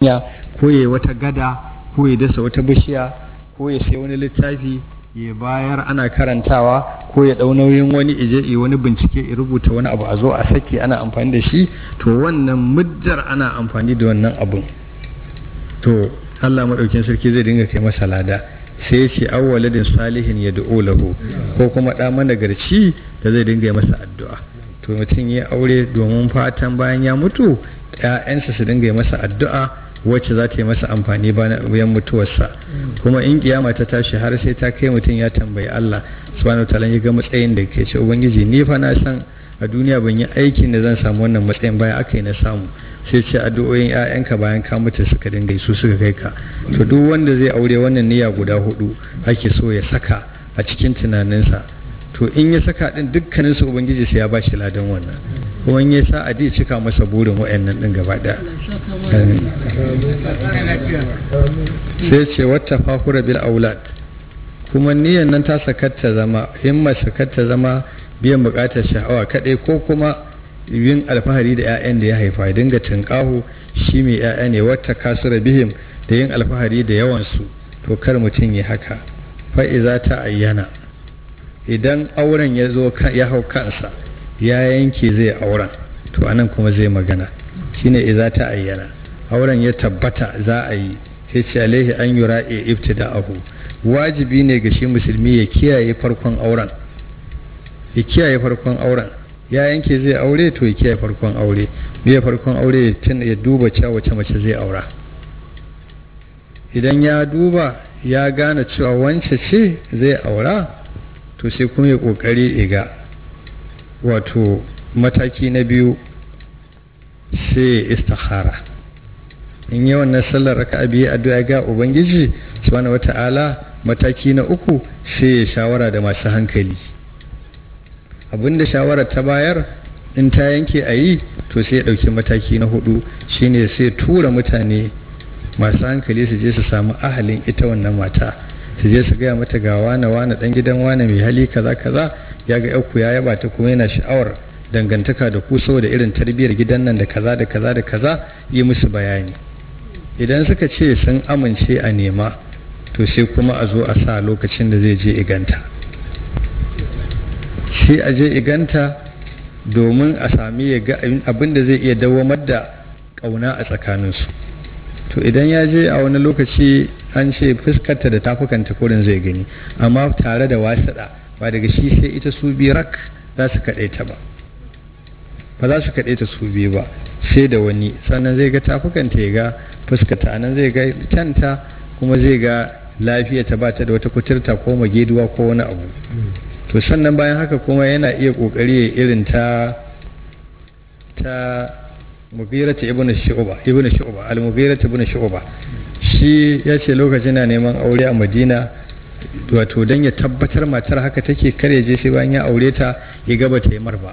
ya ko ya wata gada ko ya dasa wata bishiya ko ya sai wani littafi ya bayar ana karantawa ko ya dau nauyin wani ije wani bincike ya rubuta wani abu a zo a sake ana amfani da shi to wannan mujjar ana amfani da wannan abun to Allah maɗaukin sarki zai dinga kai masa lada sai ya ce awwaladin salihin ya du'o lahu ko kuma ɗa garci da zai dinga masa addu'a to mutum ya aure domin fatan bayan ya mutu 'ya'yansa su dinga masa addu'a wacce za ta yi masa amfani bayan mutuwarsa kuma in kiyama ta tashi har sai ta kai mutum ya tambayi Allah subhanahu ta'ala ya ga matsayin da ke ce ubangiji ni fa na san a duniya ban yi aikin da zan samu wannan matsayin bayan aka yi na samu sai ce addu'o'in 'ya'yanka bayan ka mutu suka dinga su suka kai ka to duk wanda zai aure wannan niyya guda hudu ake so ya saka a cikin tunaninsa to in ya saka din dukkanin su ubangiji sai ya bashi ladan wannan kuma in ya sa a ji cika masa burin wa'annan din gaba sai ce wata fahura bil aulad kuma niyan nan ta sakatta zama himma sakatta zama biyan bukatar sha'awa kadai ko kuma yin alfahari da 'ya'yan da ya haifa dinga tunƙahu shi mai 'ya'ya ne wata kasura bihim da yin alfahari da yawansu to kar mutum ya haka fa'iza ta ayyana idan auren ya zo ya hau kansa ya yanke zai auren to anan kuma zai magana shine iza ta ayyana auren ya tabbata za a yi sai ce alaihi an yura e ahu wajibi ne ga shi musulmi ya kiyaye farkon auren ya kiyaye farkon auren ya yanke zai aure to ya kiyaye farkon aure biya farkon aure ya duba cewa wace mace zai aura idan ya duba ya gane cewa wance ce zai aura to sai kuma ya ƙoƙari iga wato mataki na biyu sai ya istikhara in yawan wannan sallar raka biyu addu'a ga ubangiji subhanahu wata'ala mataki na uku sai ya shawara da masu hankali abinda shawara ta bayar in ta yanke a yi to sai ya ɗauki mataki na hudu shine sai tura mutane masu hankali su je su samu ahalin ita wannan mata su je su gaya mata ga wane wane dan gidan wane mai hali kaza kaza ya ga yau ya yaba ta kuma yana sha'awar dangantaka da ku saboda irin tarbiyyar gidan nan da kaza da kaza da kaza yi musu bayani idan suka ce sun amince a nema to sai kuma a zo a sa lokacin da zai je iganta shi a je iganta domin a sami ya ga abin da zai iya dawamar da ƙauna a tsakaninsu to idan ya je a wani lokaci an ce fuskarta da tafukanta kurin zai gani amma tare da wasaɗa ba daga shi sai ita su biyu rak za su kaɗaita ba ba za su kaɗaita su biyu ba sai da wani sannan zai ga tafukanta ya ga fuskata nan zai ga tanta kuma zai ga lafiya ta ba ta da wata kuturta ko mageduwa ko wani abu to sannan bayan haka kuma yana iya kokari ya irin ta ta mugirata ibn shu'ba ibn shu'ba al mugirata ibn shu'ba shi ya ce lokacin na neman aure a madina wato don ya tabbatar matar haka take kare je sai bayan ya aure ta ya gaba ta yi marba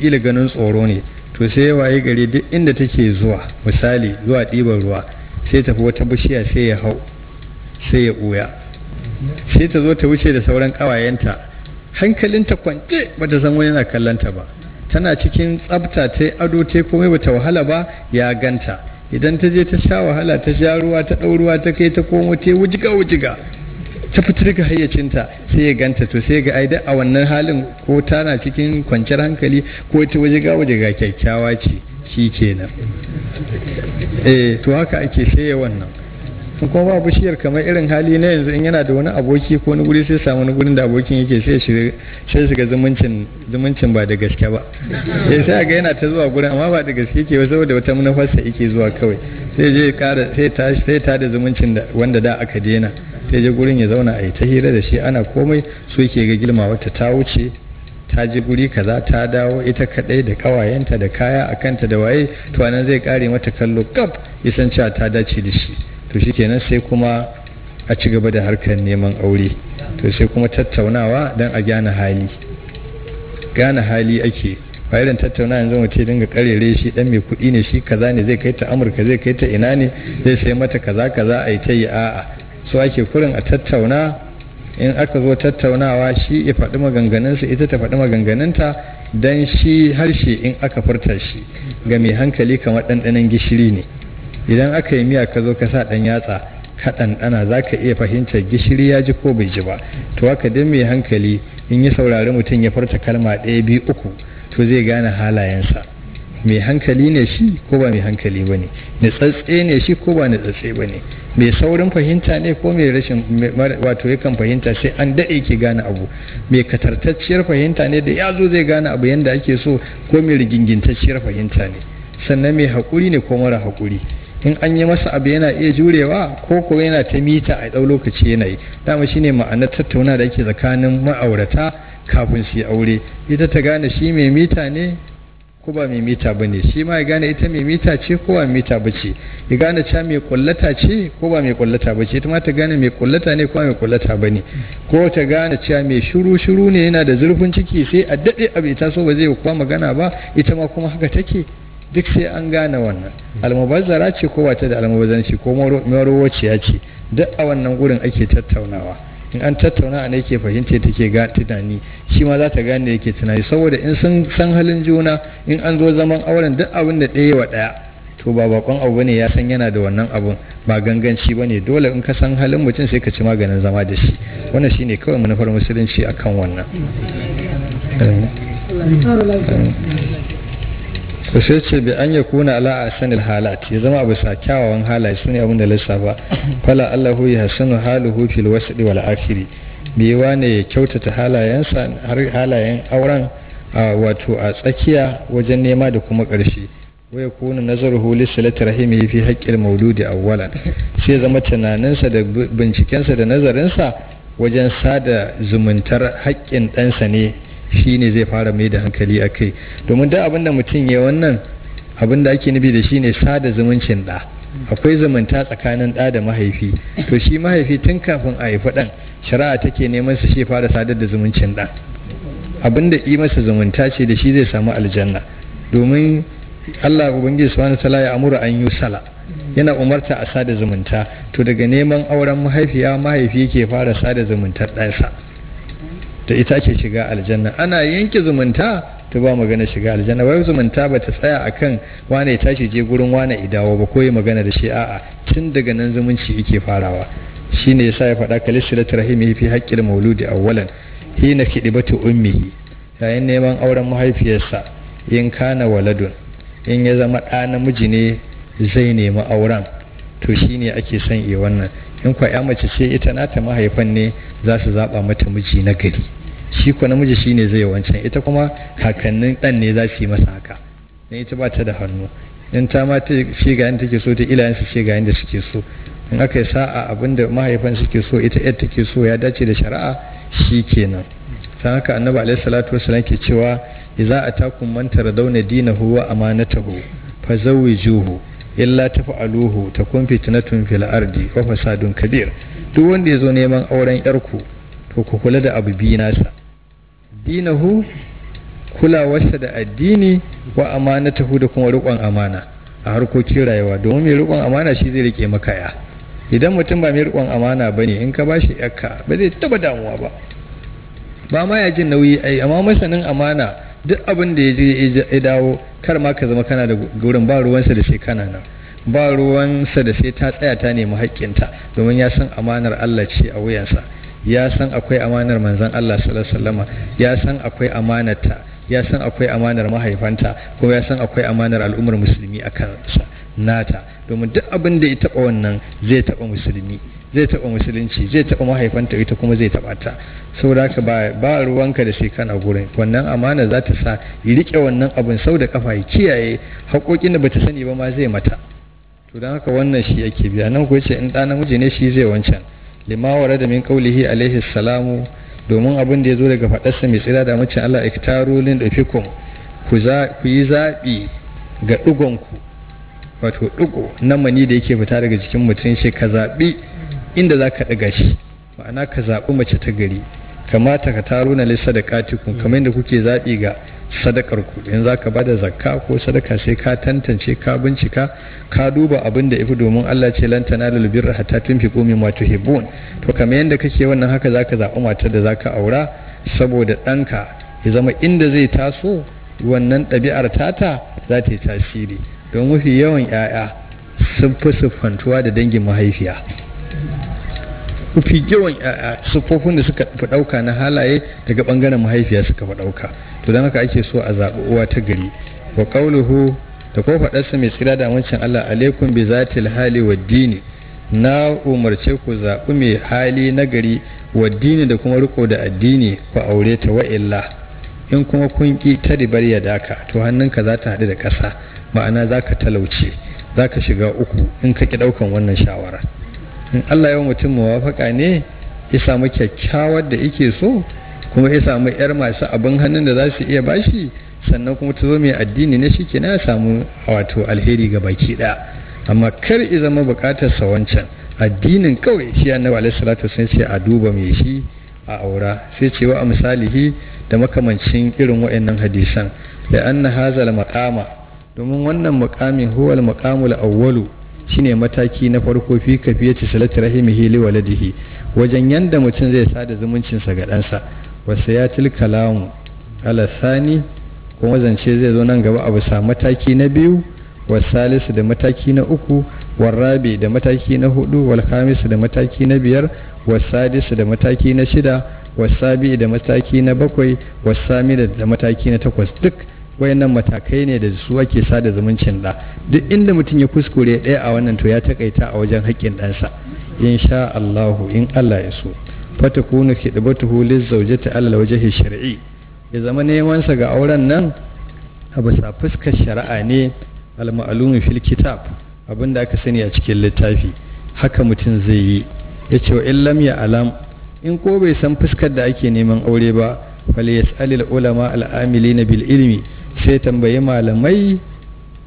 ila ganin tsoro ne to sai waye gari duk inda take zuwa misali zuwa ɗiban ruwa sai tafi wata bishiya sai ya hau sai ya ɓuya sai ta zo ta wuce da sauran ƙawayenta hankalinta kwance bata san wani yana kallonta ba tana cikin tsafta ta ado ta komai bata wahala ba ya ganta idan ta je ta sha wahala ta sha ruwa ta ɗau ruwa ta kai ta komo ta wujiga wujiga ta fitar ga hayyacinta sai ya ganta to sai ga aida a wannan halin ko tana cikin kwanciyar hankali ko ta wujiga wujiga kyakkyawa ce shi kenan eh to haka ake sai wannan in kuma ba bishiyar kamar irin hali na yanzu in yana da wani aboki ko wani guri sai samu wani gurin da abokin yake sai shiga sai shiga zumuncin zumuncin ba da gaske ba eh, sai sai ga yana ta zuwa gurin amma ba da gaske yake ba saboda wata manufarsa yake zuwa kawai sai je kara sai ta sai ta da zumuncin da wanda da aka dena sai je gurin ya zauna a yi ta hira da shi ana komai su ke ga girma wata ta wuce ta ji guri kaza ta dawo ita kadai da kawayenta da kaya a kanta da waye to anan zai kare mata kallo kaf isan cewa ta dace da shi to shikenan sai kuma a ci gaba da harkar neman aure to sai kuma tattaunawa don a gane hali gane hali ake ba irin tattauna yanzu mu ce dinga karere shi dan mai kuɗi ne shi kaza ne zai kai ta amurka zai kai ta ina ne zai sai mata kaza kaza a yi ta yi a'a so ake kurin a tattauna in aka zo tattaunawa shi ya faɗi maganganunsa ita ta faɗi maganganunta don shi harshe in aka furta shi ga mai hankali kamar ɗanɗanon gishiri ne idan aka yi miya ka zo ka sa ɗan yatsa ka ɗanɗana za ka iya fahimtar gishiri ya ji ko bai ji ba to haka don mai hankali in ya saurari mutum ya furta kalma ɗaya biyu uku to zai gane halayensa mai hankali ne shi ko ba mai hankali ba ne nitsatse ne shi ko ba nitsatse ba ne mai saurin fahimta ne ko mai rashin wato yakan fahimta sai an daɗe ke gane abu mai katartacciyar fahimta ne da ya zo zai gane abu yadda ake so ko mai rigingintacciyar fahimta ne sannan mai haƙuri ne ko mara haƙuri in an yi masa abu yana iya jurewa ko ko yana ta mita a ɗau lokaci yanayi yi dama shine ma'anar tattauna da ake tsakanin ma'aurata kafin su yi aure ita ta gane shi mai mita ne ko ba mai mita ba ne shi ma ya gane ita mai mita ce ko ba mai mita ba ce ya gane ca mai kullata ce ko ba mai kullata ba ce ita ma ta gane mai kullata ne ko ba mai kullata ba ne ko ta gane cewa mai shuru shuru ne yana da zurfin ciki sai a daɗe abu ita so ba zai kuwa magana ba ita ma kuma haka take duk sai an gane wannan almubazzara ce ko ba ta da almubazzanci ko marowaciya ce duk a wannan gurin ake tattaunawa in an tattauna a ke fahimce take ga tunani shi ma za ta gane yake tunani saboda in sun san halin juna in an zo zaman auren duk abin da ɗaya wa ɗaya to ba bakon abu ne ya san yana da wannan abun ba ganganci ba ne dole in ka san halin mutum sai ka ci maganin zama da shi wannan shine kawai manufar musulunci akan wannan to sai ce bi an yakuna ala sanin halat ya zama abu sa kyawawan halaye sune abin da lissafa fala allahu yahsanu haluhu fil wasdi wal akhiri biyewa ne ya kyautata halayensa har halayen auren wato a tsakiya wajen nema da kuma ƙarshe waya kuna nazaruhu li salati rahimi fi haqqil mauludi awwalan sai zama tunaninsa da bincikensa da nazarinsa wajen sada zumuntar haƙƙin ɗansa ne shi ne zai fara mai da hankali a kai domin da abinda mutum ya wannan abinda ake nufi da shi ne sada zumuncin da akwai zumunta tsakanin da da mahaifi to shi mahaifi tun kafin a haifi ɗan shari'a take neman su shi fara sadar da zumuncin da abinda da masa zumunta ce da shi zai samu aljanna domin allah ubangiji subhanahu sala ya amura an yi sala yana umarta a sada zumunta to daga neman auren mahaifiya mahaifi ke fara sada zumuntar ɗansa da ita ke shiga aljanna ana yanke zumunta ta ba magana shiga aljanna wai zumunta ba ta tsaya a kan wane ya tashi je gurin wane idawa ba ko ya magana da shi a'a tun daga nan zumunci yake farawa Shi ne ya faɗa kalisilatu ya fi haƙƙin mauludi awwalan hina ta ummihi yayin neman auren mahaifiyarsa in kana waladun in ya zama ɗa namiji ne zai nemi auren to shi ne ake son iya wannan in kwa ya mace ce ita nata mahaifan ne za su zaɓa mata miji na gari shi ko namiji shi ne zai wancan ita kuma kakannin ɗan ne za su yi masa haka don ita ba ta da hannu in ta ma ta shi ga take so ta yansu shi ga da suke so in aka yi sa'a da mahaifan suke so ita yadda take so ya dace da shari'a shi kenan ta haka annabi alaihi salatu wasallam ke cewa idza atakum man taradawna dinahu wa amanatahu fazawwijuhu illa ta takun fitnatun fil ardi wa fasadun kabir duk wanda zo neman auren yarku to ku kula da abu bi nasa dinahu kulawarsa da addini wa amanatahu da kuma riƙon amana a harkokin rayuwa domin mai riƙon amana shi zai rike maka ya idan mutum ba mai riƙon amana bane in ka bashi yakka ba zai taba damuwa ba ba ma ya jin nauyi ai amma masanin amana duk abin da ya je ya dawo kar ma ka zama kana da gurin ba ruwansa da sai kana nan ba ruwansa da sai ta tsaya ta nemi haƙƙinta domin ya san amanar Allah ce a wuyansa ya san akwai amanar manzan Allah sallallahu ya san akwai ta ya san akwai amanar mahaifanta ko ya san akwai amanar al'ummar musulmi a kansa nata domin duk abin da ya taba wannan zai taba musulmi zai taba musulunci zai taba mahaifanta ita kuma zai taba ta saboda haka ba ba ruwanka da sai kana gurin wannan amana za ta sa ya rike wannan abin sau da kafa ya kiyaye haƙoƙin da bata sani ba ma zai mata to don haka wannan shi yake biya nan ko ce in ɗa namiji ne shi zai wancan lima da min kaulihi alaihi salamu domin abin da ya zo daga faɗarsa mai tsira da mace Allah iktaru lin dufikum ku yi zaɓi ga ɗugonku wato ɗugo na mani da yake fita daga jikin mutum shi ka zaɓi inda za ka ɗaga shi ma'ana ka zaɓi mace ta gari kamata ka taro na lissa da katikun kamar yadda kuke zaɓi ga sadakar ku in za ka bada zakka ko sadaka sai ka tantance ka bincika ka duba abin da ifi domin Allah ce na da birra hatta tun fi tunfiqu mato tuhibbun to kamar yadda kake wannan haka zaka zaɓi matar da zaka aura saboda ɗanka ya zama inda zai taso wannan ɗabi'ar tata za ta yi tasiri don mafi yawan 'ya'ya sun fi siffantuwa da dangin mahaifiya mafi yawan siffofin da suka fi ɗauka na halaye daga ɓangaren mahaifiya suka fi ɗauka to don haka ake so a zaɓi uwa ta gari wa ƙauluhu da ko faɗarsa mai tsira da wancan Allah alaikum bi hali wa dini na umarce ku zaɓi mai hali na gari wa dini da kuma riko da addini ku aure ta wa illa in kuma kun ki ta ribar ya daka to hannunka za ta haɗu da ƙasa ma'ana za ka talauce za ka shiga uku in ka ki ɗaukan wannan shawara in Allah ya mutum mawafaka ne ya samu kyakkyawar da yake so kuma ya samu yar masu abin hannun da za su iya bashi sannan kuma ta zo mai addini na shi ke na samu wato alheri ga baki ɗaya amma kar i zama bukatar sa wancan addinin kawai shi annabi alaihi salatu sun ce a duba mai shi a aura sai ce wa misalihi da makamancin irin wa'annan hadisan da anna hazal maqama domin wannan muqamin huwal maqamul awwalu shine mataki na farko fi kafiyati salati rahimihi li waladihi wajen yanda mutum zai sada zumuncin sa ga ɗansa wasu ya tilkalamu ala sani kuma zance zai zo nan gaba a sa mataki na biyu wasalisu da mataki na uku Rabi da mataki na hudu walhamisu da mataki na biyar wasadisu da mataki na shida wasabi da mataki na bakwai wasami da mataki na takwas duk wayannan matakai ne da su ake sada zumuncin da duk inda mutum ya kuskure ɗaya a wannan to ya takaita a wajen haƙƙin ɗansa insha Allahu in Allah ya so fatakunu khidbatuhu lizawjati ala wajhi shar'i ya zama neman sa ga auren nan a bisa fuskar shari'a ne al-ma'lumi fil kitab abinda aka sani a cikin littafi haka mutum zai yi ya ce wa illam ya alam in ko bai san fuskar da ake neman aure ba fal yas'alil ulama al-amilina bil ilmi sai tambayi malamai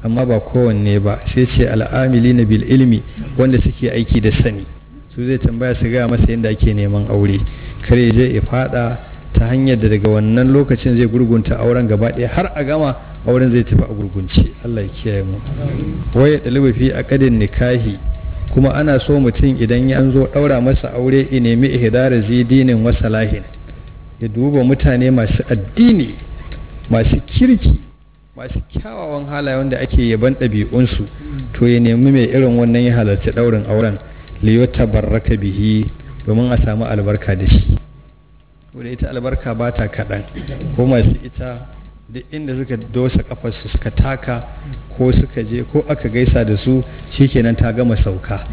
amma ba kowanne ba sai ce al'amili na bil ilmi wanda suke aiki da sani su zai tambaya su gaya masa yadda ake neman aure kare zai ya fada ta hanyar da daga wannan lokacin zai gurgunta auren gaba ɗaya har a gama auren zai tafi a gurgunce Allah ya kiyaye mu waye ɗalibafi a ƙadin nikahi kuma ana so mutum idan ya zo ɗaura masa aure ya nemi ihdara zidinin wasalahin ya duba mutane masu addini masu kirki masu kyawawan halaye wanda ake yaban ɗabi'unsu to ya nemi mai irin wannan ya halarci ɗaurin auren liyota barraka bihi domin a samu albarka da shi wadda ita albarka ba ta kaɗan ko masu ita duk inda suka dosa kafarsu suka taka ko suka je ko aka gaisa da su shikenan ta gama sauka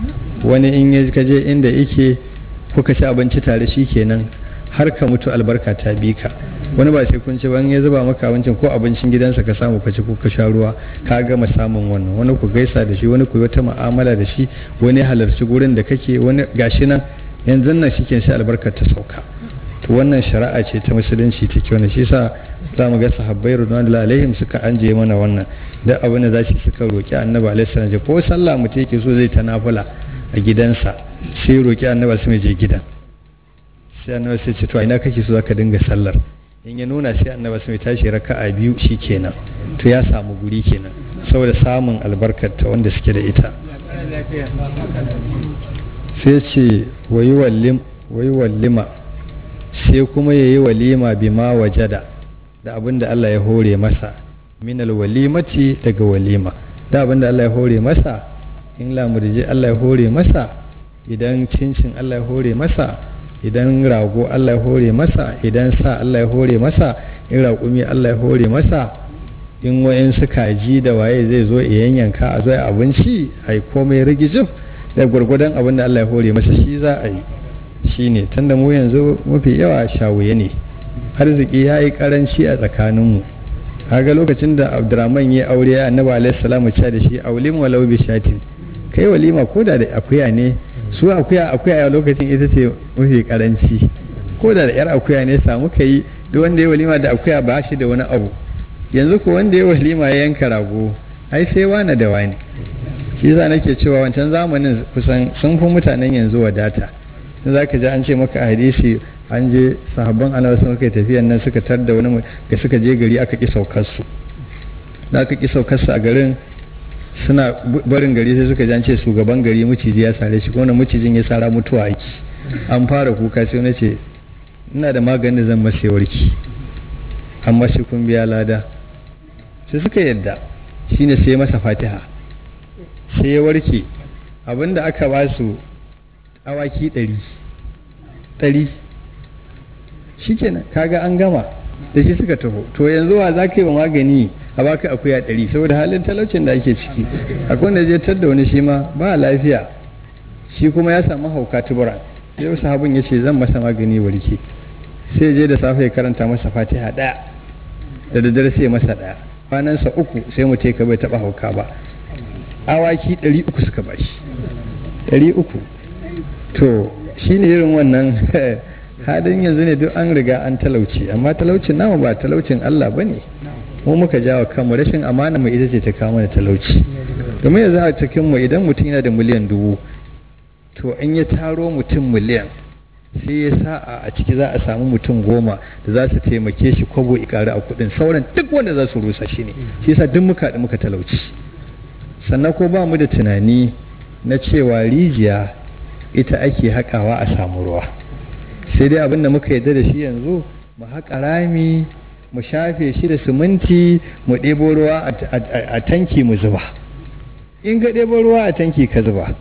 wani in ka je inda yake kuka ci abinci tare shi shikenan har ka mutu albarka ta bi ka wani ba sai kun ci ban ya zuba maka abincin ko abincin gidansa ka samu ka ci ko ka sha ruwa ka gama samun wannan wani ku gaisa da shi wani ku wata mu'amala da shi wani halarci gurin da kake wani gashi nan yanzu nan shi sai albarkar ta sauka wannan shari'a ce ta musulunci ta kyau ne shi sa za mu ga sahabbai radiyallahu alaihim suka anje mana wannan da abin da za suka roki annabi alaihi salam ko sallah mutum yake so zai ta nafila a gidansa sai roki annabi sai mai je gidan sai annabi sai ce to ina kake so zaka dinga sallar in ya nuna sai annabi sai tashi raka'a biyu shikenan to ya samu guri kenan saboda samun albarkar ta wanda suke da ita sai ce wayi wallim sai kuma yayi walima bima wajada da abin da Allah ya hore masa minal walimati daga walima da abin da Allah ya hore masa in lamurje Allah ya hore masa idan cincin Allah ya hore masa idan rago Allah ya hore masa idan sa Allah ya hore masa in raƙumi Allah ya hore masa in wayan su kaji da waye zai zo ya yanyanka a zai abinci a yi komai rigijin da gwargwadon abin da Allah ya hore masa shi za a yi shi ne tun da mu yanzu mafi yawa shawuye ne arziki ya yi karanci a tsakaninmu ga lokacin da abdurrahman ya aure annabi alaihi salamu cha da shi a walau bi shatin kai walima ko da akuya ne su akuya akuya a lokacin ita ce mafi karanci ko da yar akuya ne samu ka yi duk wanda ya walima da akuya ba shi da wani abu yanzu ko wanda ya walima ya yanka rago ai sai wani da wani shi yasa nake cewa wancan zamanin kusan sun fi mutanen yanzu wadata in za ka ji an ce maka hadisi an je sahabban annabi sun kai tafiyan nan suka tar da wani ga suka je gari aka ki kasu da aka ki a garin suna barin gari sai suka jance shugaban gari maciji ya sare shi kuma macijin ya sara mutuwa aiki an fara kuka sai na ce ina da maganin zan mashe warki amma shi kun biya lada sai suka yadda shine sai masa fatiha sai ya warke abinda aka ba su awaki ɗari ɗari shi kaga an gama da shi suka taho to yanzu wa za ka yi wa magani a baka akuya ɗari saboda halin talaucin da ake ciki akwai da je tar da wani shi ma ba lafiya shi kuma ya samu hauka tubura yau sahabin ya ce zan masa magani warke sai je da safe ya karanta masa fatiha ɗaya da daddare sai masa ɗaya kwanansa uku sai mu ka bai taɓa hauka ba awaki ɗari uku suka bashi ɗari uku to shine irin wannan hadin yanzu ne duk an riga an talauci amma talaucin namu ba talaucin Allah ba ne mu muka jawo kanmu rashin amana mu ita ce ta kama da talauci domin yanzu a cikin mu idan mutum yana da miliyan dubu to in ya taro mutum miliyan sai ya sa'a a ciki za a samu mutum goma da za su taimake shi kwabo ikari a kudin sauran duk wanda za su rusa shi ne shi yasa duk muka da muka talauci sannan ko ba mu da tunani na cewa rijiya ita ake hakawa a samu ruwa sai dai abin da muka yarda da shi yanzu mu haƙa rami mu shafe shi da siminti mu ɗebo ruwa a tanki mu zuba in ka ɗebo ruwa a tanki ka zuba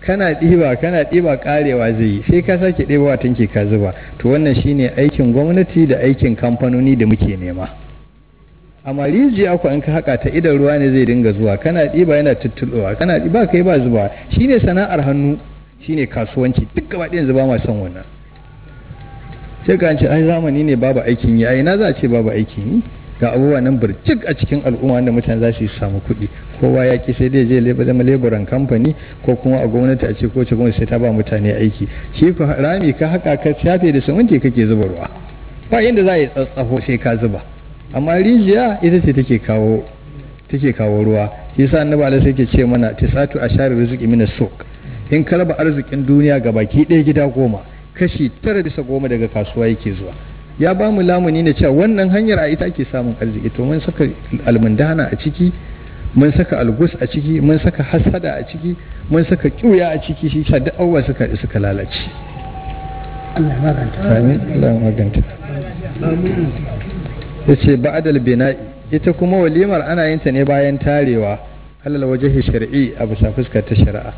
kana ɗiba kana ɗiba ƙarewa zai yi sai ka sake ɗebo a tanki ka zuba to wannan shine aikin gwamnati da aikin kamfanoni da muke nema amma rijiya ku in ka haka ta idan ruwa ne zai dinga zuwa kana ɗiba yana tuttulowa kana ɗiba kai ba zuba shine sana'ar hannu shine kasuwanci duk gaba ɗayan zuba ma son wannan sai ka ce ai zamani ne babu aikin yi ai na za ce babu aikin yi ga abubuwa nan bircik a cikin al'umma wanda mutane za su samu kuɗi kowa ya ki sai dai je zama leburan kamfani ko kuma a gwamnati a ce ko ce gwamnati sai ta ba mutane aiki shi ku rami ka haka ka shafe da siminti kake zuba ruwa ba inda za a yi tsatsafo sai ka zuba amma rijiya ita ce take kawo kawo ruwa shi yasa annabi alaihi sai ke ce mana tisatu a rizqi min as-suq in kalaba arzikin duniya ga baki ɗaya gida goma kashi tara bisa goma daga kasuwa yake zuwa ya ba mu lamuni na cewa wannan hanyar a ita ake samun arziki to mun saka almundana a ciki mun saka algus a ciki mun saka hasada a ciki mun saka kiuya a ciki shi sha da abubuwa suka suka lalace Allah maganta amin Allah maganta bina'i ita kuma walimar ana yin ta ne bayan tarewa halal waje shari'i a bisa fuskar ta shari'a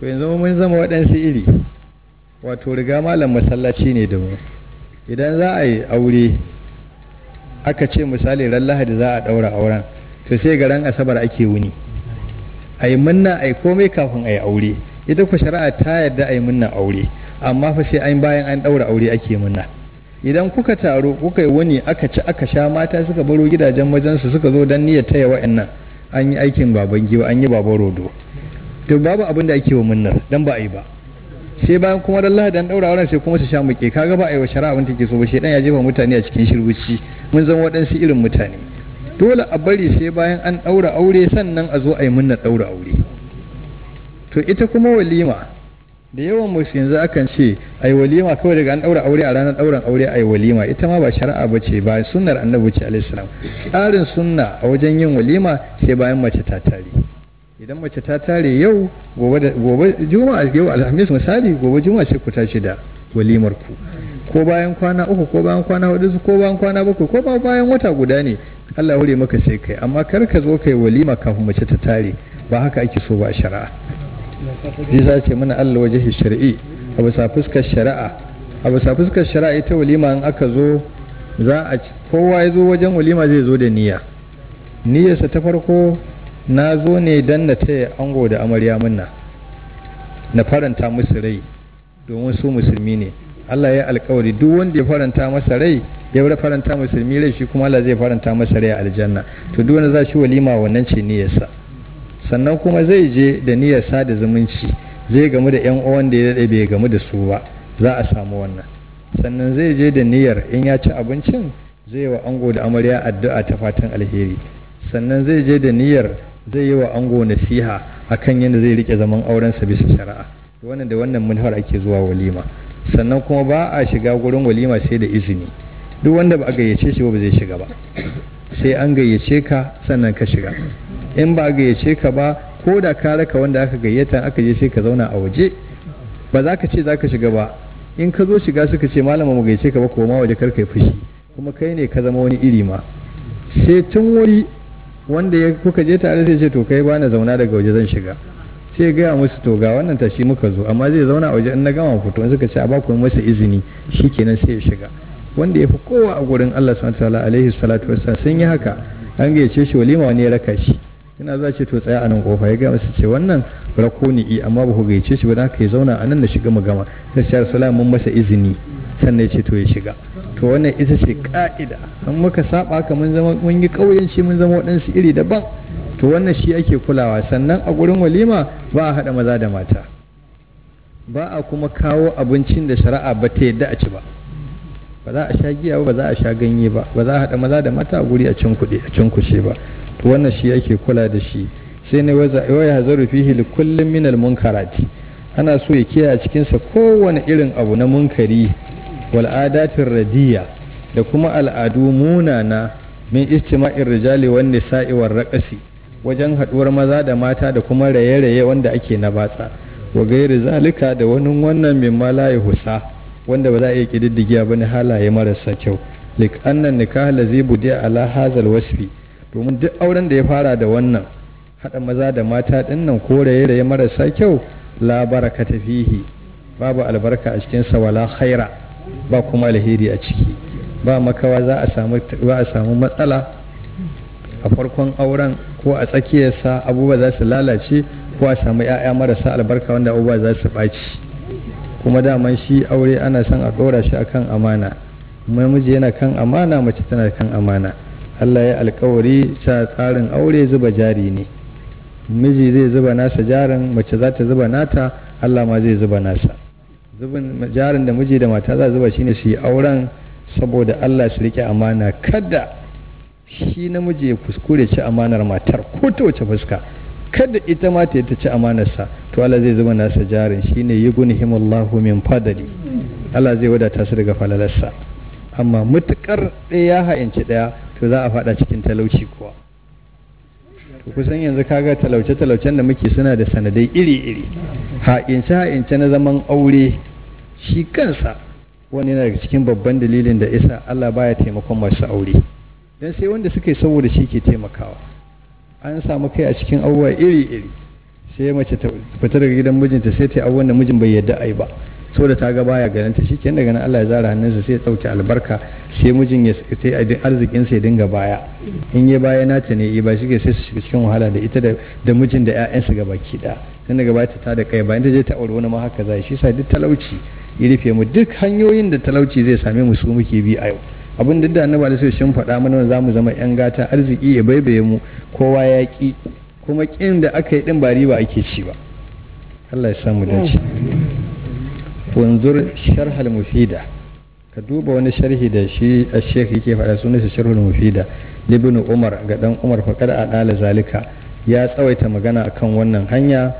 to yanzu mun zama waɗansu iri wato riga malam masallaci ne da mu idan za a yi aure aka ce misali ran lahadi za a daura auren to sai ga asabar ake wuni a yi munna a yi komai kafin a yi aure ita ku shari'a ta yarda a yi munna aure amma fa sai an bayan an daura aure ake munna idan kuka taro kuka yi wuni aka ci aka sha mata suka baro gidajen su suka zo don niyyar taya wa'annan an yi aikin baban an yi babar rodo to babu abin da ake wa munnar dan ba a yi ba sai bayan kuma dan lahadi an daura wannan sai kuma su sha muke kaga ba a yi wa shari'a abin take so ba shedan ya jefa mutane a cikin shirwuci mun zama waɗansu irin mutane dole a bari sai bayan an daura aure sannan a zo a yi munna daura aure to ita kuma walima da yawan mu yanzu akan ce ai walima kawai daga an daura aure a ranar dauran aure ai walima ita ma ba shari'a ba ce ba sunnar annabi ce alaihi salam tsarin sunna a wajen yin walima sai bayan mace ta tare idan mace ta tare yau gobe juma'a yau alhamis misali gobe juma'a sai ku tashi da walimar ku ko bayan kwana uku ko bayan kwana hudu ko bayan kwana bakwai ko ba bayan wata guda ne Allah hure maka sai kai amma kar ka zo kai walima kafin mace ta tare ba haka ake so ba shari'a Isa ce mana Allah waje shar'i a bisa fuskar shari'a a bisa fuskar shari'a ita walima in aka zo za a kowa ya zo wajen walima zai zo da niyya niyyarsa ta farko na zo ne don na taya ango da amarya murna na faranta musu rai domin su musulmi ne Allah ya alkawari duk wanda ya faranta masa rai ya faranta musulmi rai shi kuma Allah zai faranta masa rai a aljanna to duk wanda za shi walima wannan ce niyyarsa sannan kuma zai je da niyyar sada zumunci zai gamu da yan uwan da ya dade bai gamu da su ba za a samu wannan sannan zai je da niyyar in ya ci abincin zai wa ango da amarya addu'a ta fatan alheri sannan zai je da niyyar zai yi wa ango nasiha kan yadda zai rike zaman aurensa bisa shari'a wannan da wannan manufar ake zuwa walima sannan kuma ba a shiga gurin walima sai da izini duk wanda ba a gayyace shi ba zai shiga ba sai an gayyace ka sannan ka shiga in ba a gayyace ka ba ko da ka raka wanda aka gayyata aka je sai ka zauna a waje ba za ka ce za ka shiga ba in ka zo shiga suka ce malama mu gayyace ka ba ma waje kar ka yi fushi kuma kai ne ka zama wani iri ma sai tun wuri wanda ya kuka je tare sai ce to kai bana zauna daga waje zan shiga sai ya gaya musu to ga wannan tashi muka zo amma zai zauna a waje in na gama fito suka ce a ba ku masa izini shikenan sai ya shiga wanda ya fi kowa a gurin Allah subhanahu wataala alaihi salatu wassalam sun yi haka an gayyace shi walima wani ya raka shi yana za ce to tsaya a nan kofa ya gaya masa ce wannan rakuni amma ba ku gayyace shi ba za ka yi zauna a nan na shiga mu gama sai ya mun masa izini sannan ce to ya shiga to wannan ita ce ka'ida an muka saba ka mun zama mun yi shi mun zama waɗansu iri daban to wannan shi ake kulawa sannan a gurin walima ba a haɗa maza da mata ba a kuma kawo abincin da shari'a ba ta yadda a ci ba ba za a sha giya ba za a sha ganye ba ba za a haɗa maza da mata a guri a cin kuɗi a cin kushe ba to wannan shi ake kula da shi sai ne waza ya hazaru fihi kullum min minal munkarati ana so ya kiyaye cikinsa kowane irin abu na munkari Wal'adatin radiyya da kuma al'adu munana min istima'ir rijali wan nisa'i war raqsi wajen haduwar maza da mata da kuma raye-raye wanda ake na batsa wa gairi zalika da wani wannan min malaye husa wanda ba za a iya kididdigiya ba ne halaye marasa kyau lik annan nikah lazi budi ala hazal wasfi domin duk auren da ya fara da wannan hada maza da mata ɗinnan ko raye-raye marasa kyau la baraka fihi babu albarka a cikin sa wala khaira ba kuma alheri a ciki ba makawa za a samu matsala a farkon auren ko a tsakiyarsa abubuwa za su lalace ko a samu 'ya'ya marasa albarka wanda abubuwa za su ɓaci kuma daman shi aure ana son a ɗora shi akan amana miji yana kan amana mace tana kan amana Allah ya alkawari ta tsarin aure zuba jari ne miji zai zuba nasa jarin mace za ta zuba nata Allah ma zai zuba nasa zubin jarin da miji da mata za zuba shine su yi auren saboda Allah su rike amana kada shi namiji ya kuskure ci amanar matar ko ta wace fuska kada ita ma ta ci amanarsa to Allah zai zuba nasa jarin shine Allahu min fadali Allah zai wadata su daga falalarsa amma mutukar ɗaya ya ha'inci ɗaya to za a faɗa cikin talauci kuwa to kusan yanzu kaga talauce-talaucen da muke suna da sanadai iri-iri ha'ince-ha'ince na zaman aure shi kansa wani yana daga cikin babban dalilin da isa Allah baya taimakon masu aure don sai wanda suka yi saboda shi ke taimakawa an samu kai a cikin abubuwa iri-iri sai mace ta fita daga gidan mijinta sai ta yi abubuwan da mijin bai yadda a yi ba da ta ga baya ganin ta kenan daga nan Allah ya zara hannunsa sai ya dauke albarka sai mijin ya sai arzikin sa ya dinga baya in ya baya nata ne ba shi sai su shiga cikin wahala da ita da mijin da gaba gabaki ɗaya tun daga baya ta da kai bayan ta je ta aure wani ma haka za shi sa duk talauci ya rufe mu duk hanyoyin da talauci zai same mu su muke bi a yau abin duk da annabi alaihi sun faɗa mana za mu zama yan gata arziki ya baibaye mu kowa ya ki kuma kin da aka yi din ba riba ake ci ba Allah ya mu dace wanzur sharhal mufida ka duba wani sharhi da shi a sheikh yake faɗa sunan shi sharhul mufida libnu umar ga dan umar a dala zalika ya tsawaita magana akan wannan hanya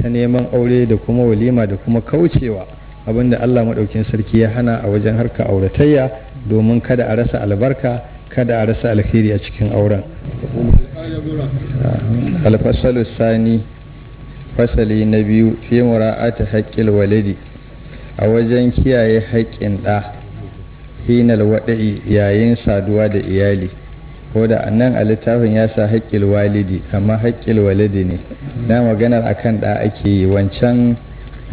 ta neman aure da kuma walima da kuma kaucewa abinda Allah maɗaukin sarki ya hana a wajen harka auratayya domin kada a rasa albarka kada a rasa alheri a cikin auren alfasalu sani fasali na biyu fi mura'ati haƙƙil waladi a wajen kiyaye haƙƙin ɗa hinal waɗa'i yayin saduwa da iyali ko da nan a littafin ya sa haƙƙil walidi amma haƙƙil waladi ne na maganar akan ɗa ake yi wancan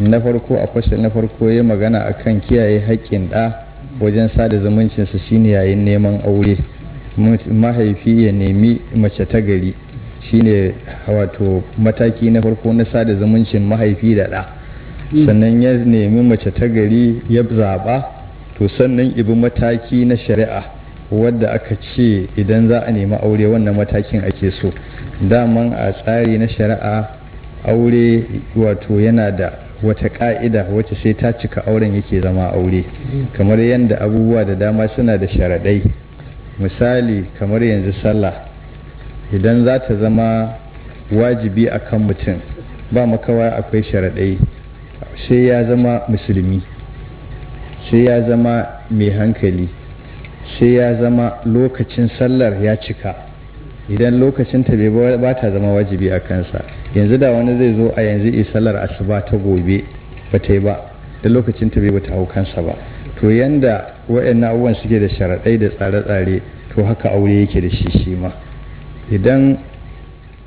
na farko a kwashe na farko ya magana a kan kiyaye haƙƙin ɗa wajen sada zumuncinsa shine yayin neman aure mahaifi ya nemi mace ta gari shine wato mataki na farko na sada zumuncin mahaifi da ɗa sannan ya nemi mace ta gari ya zaɓa to sannan ibi mataki na shari'a wadda aka ce idan za a nemi aure wannan matakin ake so daman a tsari na shari'a aure wato yana da wata ka'ida wacce sai ta cika auren yake zama aure kamar yadda abubuwa da dama suna da sharaɗai misali kamar yanzu sallah idan za ta zama wajibi a kan mutum ba makawa akwai sharaɗai sai ya zama musulmi sai ya zama mai hankali sai ya zama lokacin sallar ya cika idan lokacin ta bai ba ta zama wajibi a kansa yanzu da wani zai zo a yanzu isalar asuba ta gobe ba ta yi ba da lokacin ta bai ba ta hau kansa ba to yanda waɗannan abubuwan suke da sharaɗai da tsare-tsare to haka aure yake da shi shi ma idan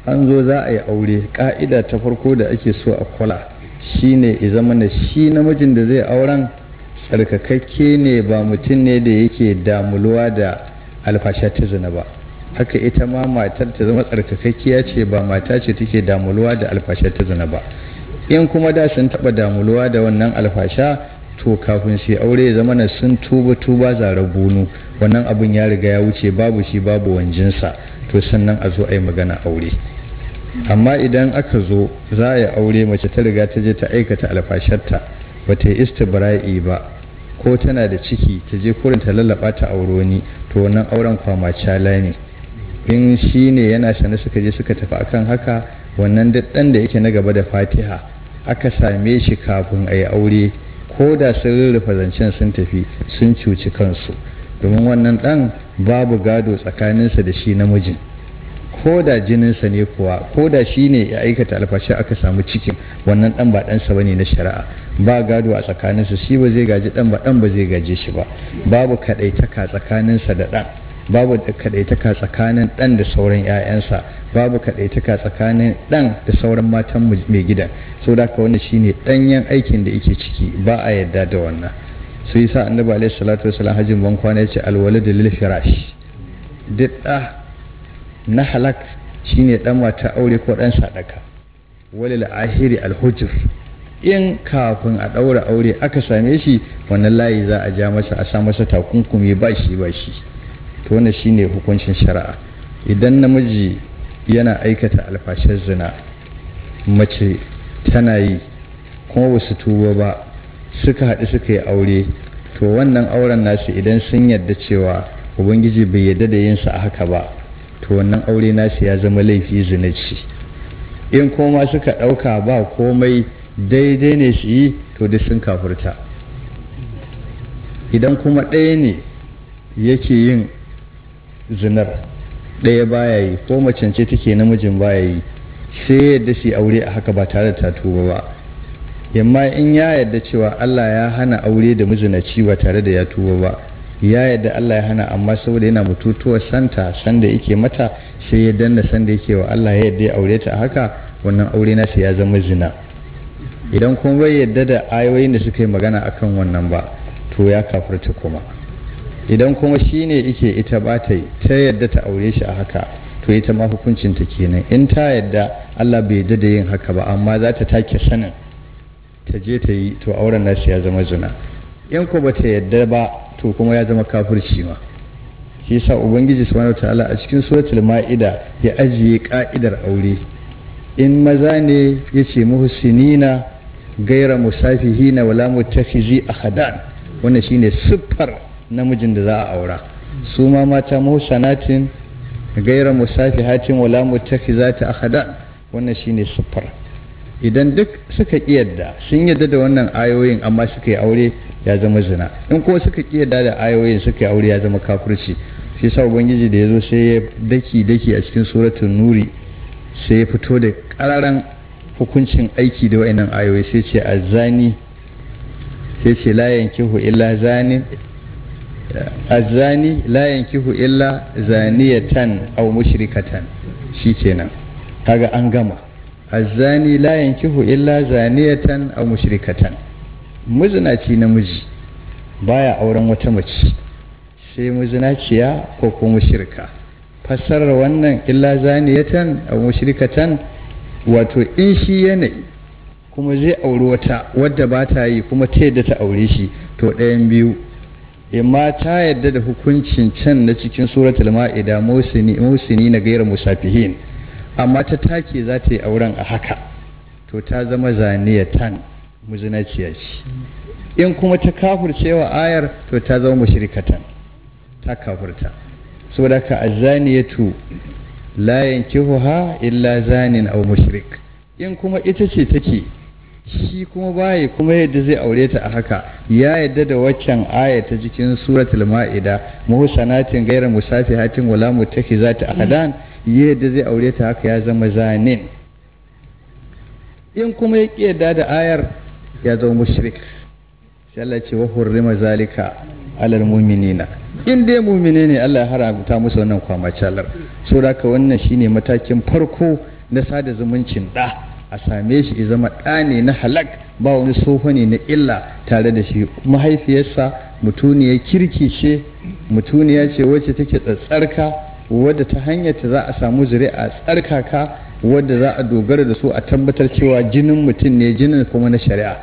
an zo za a yi aure ka'ida ta farko da ake so a kula ne i zama na shi namijin da zai auren tsarkakakke ne ba mutum ne da yake damuluwa da alfasha ta ba haka ita ma matar ta zama tsarkakakkiya ce ba mata ce take damuluwa da alfashar ta zina ba in kuma da sun taɓa damuluwa da wannan alfasha to kafin su aure zama na sun tuba tuba zara bunu wannan abun ya riga ya wuce babu shi babu wanjinsa to sannan a zo a yi magana aure amma idan aka zo za a yi aure mace ta riga ta je ta aikata alfasharta ba ta yi istibra'i ba ko tana da ciki ta je kurin ta lallaba ta auro ni to wannan auren kwamaca ne in shi ne yana sane suka je suka tafi akan haka wannan daddan da yake na gaba da fatiha aka same shi kafin a yi aure ko da sun rurrufa zancen sun tafi sun cuci kansu domin wannan dan babu gado tsakaninsa da shi namijin ko da jininsa ne kuwa ko da shi ne ya aikata alfashi aka samu cikin wannan dan ba ɗansa ba na shari'a ba gado a tsakaninsa shi ba zai gaji dan ba dan ba zai gaje shi ba babu kaɗaitaka tsakaninsa da ɗan babu kaɗaitaka tsakanin dan da sauran 'ya'yansa babu kaɗaitaka tsakanin ɗan da sauran matan mai gidan da ka wannan shine danyen aikin da yake ciki ba a yadda da wannan sai yasa annabi alaihi salatu wasallam hajjin ban kwana yace alwaladu lil firash duk da na halak shine dan mata aure ko dan sadaka walil ahiri alhujur in kafin a ɗaura aure aka same shi wannan layi za a ja masa a sa masa takunkumi ba shi ba shi to wannan shine hukuncin shari'a idan namiji yana aikata alfashin zina mace tana yi kuma ba su tuba ba suka haɗu suka yi aure to wannan auren nasu idan sun yarda cewa ubangiji bai yarda da yinsu a haka ba to wannan aure nasu ya zama laifi zinaci in koma suka ɗauka ba komai daidai ne su yi to duk sun kafurta idan kuma ɗaya ne yake yin zinar ɗaya baya yi ko macance ce take namijin baya yi sai yadda shi aure a haka ba tare da ta ba yamma in ya yadda cewa Allah ya hana aure da mizinaci ba tare da ya tuba ba ya yadda Allah ya hana amma saboda yana mututuwar santa sanda yake mata sai ya danna sanda yake wa Allah ya yadda ya aure ta haka wannan aure nasa ya zama zina idan kuma bai yadda da ayoyin da suka yi magana akan wannan ba to ya kafirta kuma idan kuma shi ne ike ita ba ta yi ta yadda ta aure shi a haka to ita ma hukuncinta kenan in ta yadda Allah bai yadda da yin haka ba amma za ta take sanin ta je ta yi to auren nasu ya zama zina in ko ba ta yadda ba to kuma ya zama kafirci ma shi yasa ubangiji subhanahu wataala a cikin suratul ma'ida ya ajiye ka'idar aure in maza ne ya yace muhsinina gaira musafihina wala hadan ahadan wannan shine siffar namijin da za a aura su ma mata muhsanatin gaira musafi hatin wala mutaki za ta akada wannan shine siffar idan duk suka kiyarda sun yadda da wannan ayoyin amma suka yi aure ya zama zina in kuma suka kiyarda da ayoyin suka yi aure ya zama kafirci shi sa ubangiji da ya zo sai ya daki daki a cikin suratun nuri sai ya fito da kararan hukuncin aiki da wa'annan ayoyi sai ce a zani sai ce la yankihu illa zanin azani la yankihu illa zaniyatan aw mushrikatan shikenan kaga an gama azani la yankihu illa zaniyatan aw mushrikatan muzinaci namiji baya auren wata mace sai muzinaciya ko ko mushrika fassarar wannan illa zaniyatan aw mushrikatan wato in shi yanayi kuma zai auri wata wadda ba ta yi kuma ta yadda ta aure shi to ɗayan biyu imma ta yadda da hukuncin can na cikin suratul ma'ida musini na gairar musafihin amma ta take za ta yi auren a haka to ta zama zaniyatan muzinaciya ce in kuma ta kafurce wa ayar to ta zama mushrikatan ta kafurta saboda ka azaniyatu la yankihuha illa zanin aw mushrik in kuma ita ce take shi kuma baya kuma yadda zai aure ta a haka ya yadda da waccan aya ta cikin suratul ma'ida muhsanatin ghayra musafihatin wala mutakhizati ahadan ya yadda zai aure ta haka ya zama zanin in kuma ya kiyada da ayar ya zama mushrik sai Allah ce wa hurrima zalika alal mu'minina in dai mu'mine ne Allah ya haramta musu wannan kwamacalar saboda haka wannan shine matakin farko na sada zumuncin da a same shi ya zama ɗa ne na halak ba wani tsoho ne na illa tare da shi mahaifiyarsa mutuniya kirki ce mutuniya ce wacce take tsarka wadda ta hanyar ta za a samu zuri'a tsarkaka wadda za a dogara da su a tabbatar cewa jinin mutum ne jinin kuma na shari'a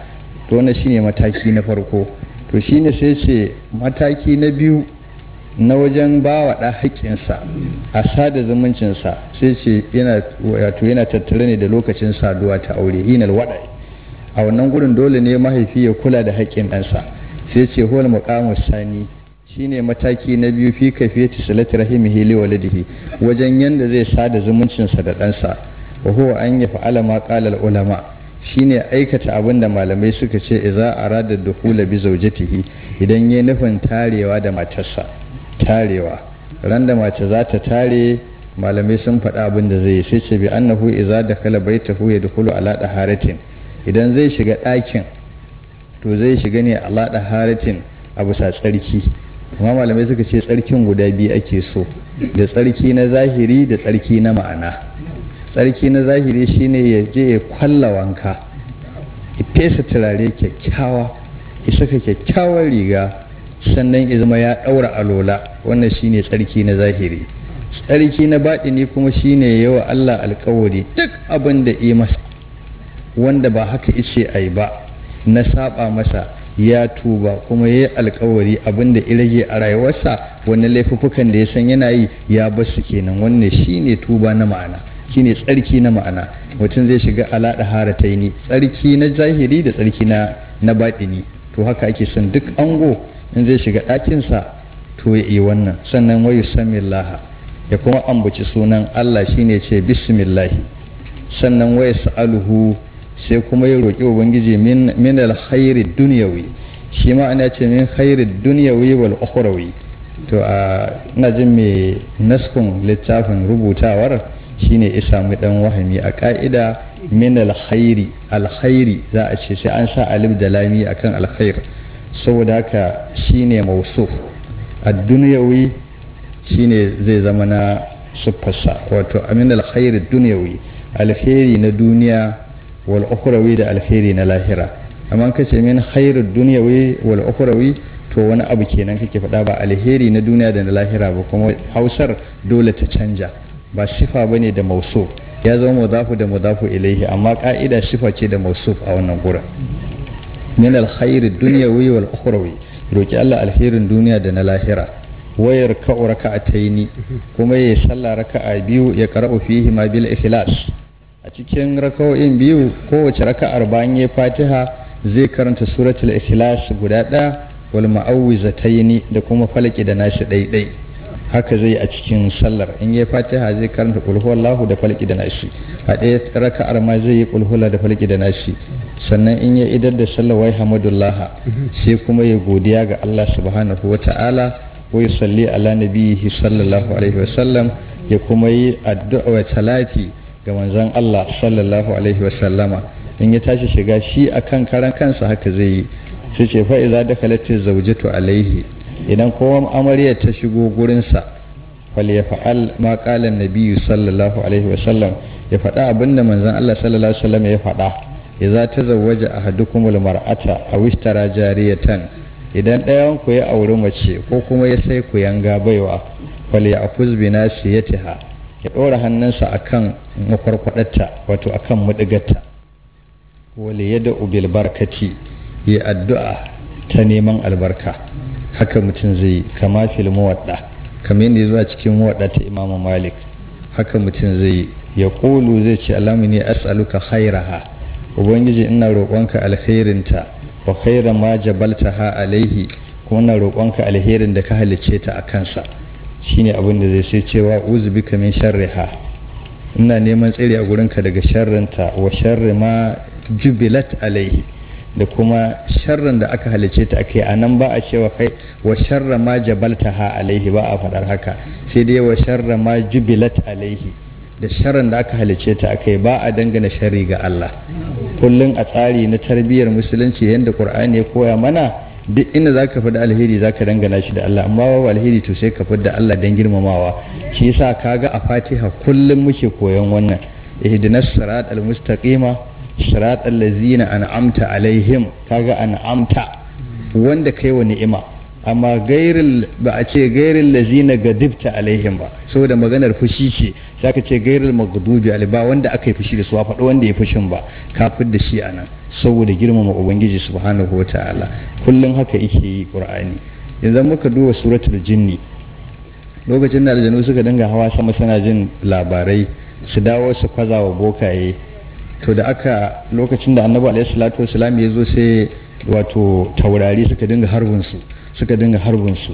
to wannan shine mataki na farko to shine sai ce mataki na biyu na wajen ba wa ɗa haƙƙinsa a sada zumuncinsa sai ce yana tattare ne da lokacin saduwa ta aure hinal waɗa a wannan gurin dole ne mahaifi ya kula da haƙƙin ɗansa sai ce huwal muƙamu sani shine mataki na biyu fi kafiyati salati rahimihi wa walidihi wajen yanda zai sada zumuncinsa da ɗansa wa huwa an yaf'ala ma ƙalal ulama shine aikata abin da malamai suka ce idza da hula bi zaujatihi idan ya nufin tarewa da matarsa tarewa ran da mace za ta tare malamai sun faɗa abin da zai sai ce bi annahu iza da kala baitahu ya dukulu ala daharatin idan zai shiga ɗakin to zai shiga ne ala daharatin a bisa tsarki kuma malamai suka ce tsarkin guda biyu ake so da tsarki na zahiri da tsarki na ma'ana tsarki na zahiri shine ya je ya kwalla wanka ya fesa turare kyakkyawa ya saka kyakkyawar riga sannan izma ya ɗaura alola wannan shine tsarki na zahiri tsarki na baɗini kuma shine yawa Allah alkawari duk abin da yi masa wanda ba haka ice yi ba na saba masa ya tuba kuma ya yi alkawari abin da ya rage a rayuwarsa wani laifukan da ya san yana yi ya basu kenan wannan shine tuba na ma'ana shine tsarki na ma'ana mutum zai shiga alaɗa harataini tsarki na zahiri da tsarki na na baɗini to haka ake son duk ango in zai shiga ɗakinsa to ya yi wannan sannan wayu samillaha ya kuma ambaci sunan Allah shine ce bismillahi sannan wayu sa'aluhu sai kuma ya roƙi ubangiji min min alkhairi dunyawi shi ma ana ce min khairi dunyawi wal ukhrawi to a ina jin me naskun littafin rubutawar shine isa samu dan wahami a ka'ida min al khairi za a ce sai an sa alif da lami akan alkhair saboda haka shine mausuf duniyawi shi shine zai zama na sufasa wato amin alkhairi duniyawi alkhairi na duniya wal ukhrawi da alkhairi na lahira amma ce min khairu duniyawi wal ukhrawi to wani abu kenan kake faɗa ba alheri na duniya da na lahira ba kuma hausar dole ta canja ba ba bane da mausuf ya zama mudafu da mudafu ilaihi amma ka'ida shifa ce da mausuf a wannan gurin min alkhairi dunyawi wal ukhrawi roki Allah alherin duniya da na lahira wayar ka'u raka'ataini kuma ya salla raka'a biyu ya qara'u fihi ma bil ikhlas a cikin raka'o'in biyu kowace raka'ar bayan ya fatiha zai karanta suratul ikhlas guda ɗaya wal ma'awwizataini da kuma falaki da nashi ɗaiɗai haka zai a cikin sallar in ya fatiha zai karanta kulhuwallahu da falki da nashi a ɗaya raka'ar ma zai yi kulhula da falki da nashi sannan in ya idar da sallar wai hamdulillah sai kuma ya godiya ga Allah subhanahu wa ta'ala ko ya salli ala nabiyihi sallallahu alaihi wa sallam ya kuma yi addu'a wa talati ga manzon Allah sallallahu alaihi wa sallama in ya tashi shiga shi akan karan kansa haka zai yi sai ce fa idza dakalat zawjatu alaihi idan kowa amarya ta shigo gurinsa falyafa'al ma qala nabi sallallahu alaihi wa sallam ya faɗa abinda manzon Allah sallallahu alaihi wa sallam ya faɗa idza tazawwaja ahadukumul mar'ata aw ishtara jariyatan idan ɗayan ku ya auri mace ko kuma ya sai ku yanga baiwa afuz bi nasiyatiha ya ɗora hannunsa akan makwarkwadarta wato akan mudigarta wal yad'u bil barkati ya addu'a ta neman albarka haka mutum zai yi kama fil muwadda kamar yadda zuwa cikin muwadda ta imamu malik haka mutum zai yi ya kulu zai ce alamu ne as'aluka khairaha ubangiji ina roƙonka alkhairinta wa khairan ma ha alaihi kuma ina roƙonka alherin da ka halicce ta a kansa shine abin da zai sai cewa bika min sharriha ina neman tsiri a gurinka daga sharrinta wa sharri ma jubilat alaihi da kuma sharran da aka halice ta aka yi a nan ba a cewa kai wa sharra ma jabalta ha alaihi ba a faɗar haka sai dai wa sharra ma jubilat alaihi da sharran da aka halice ta aka yi ba a dangana shari ga Allah kullum a tsari na tarbiyyar musulunci yadda Qur'ani ya koya mana duk inda za ka da alheri za ka dangana shi da Allah amma babu alheri to sai ka da Allah don girmamawa shi yasa kaga a fatiha kullum muke koyon wannan ihdinas sirat al-mustaqima lazina an amta alaihim kaga amta wanda kai wa ni'ima amma gairin ba a ce gairin lazina gadibta alaihim ba saboda maganar fushi ce ka ce gairin maghdubi alba ba wanda aka yi fushi da su faɗo wanda ya fushin ba kafin da shi anan saboda girmama ubangiji subhanahu ta'ala kullum haka yake yi qur'ani yanzu muka duba suratul jinni lokacin da aljanu suka dinga hawa sama suna jin labarai su dawo su kwaza wa bokaye to da aka lokacin da annabi alaihi salatu wasalam ya zo sai wato taurari suka dinga harbinsu suka dinga harbinsu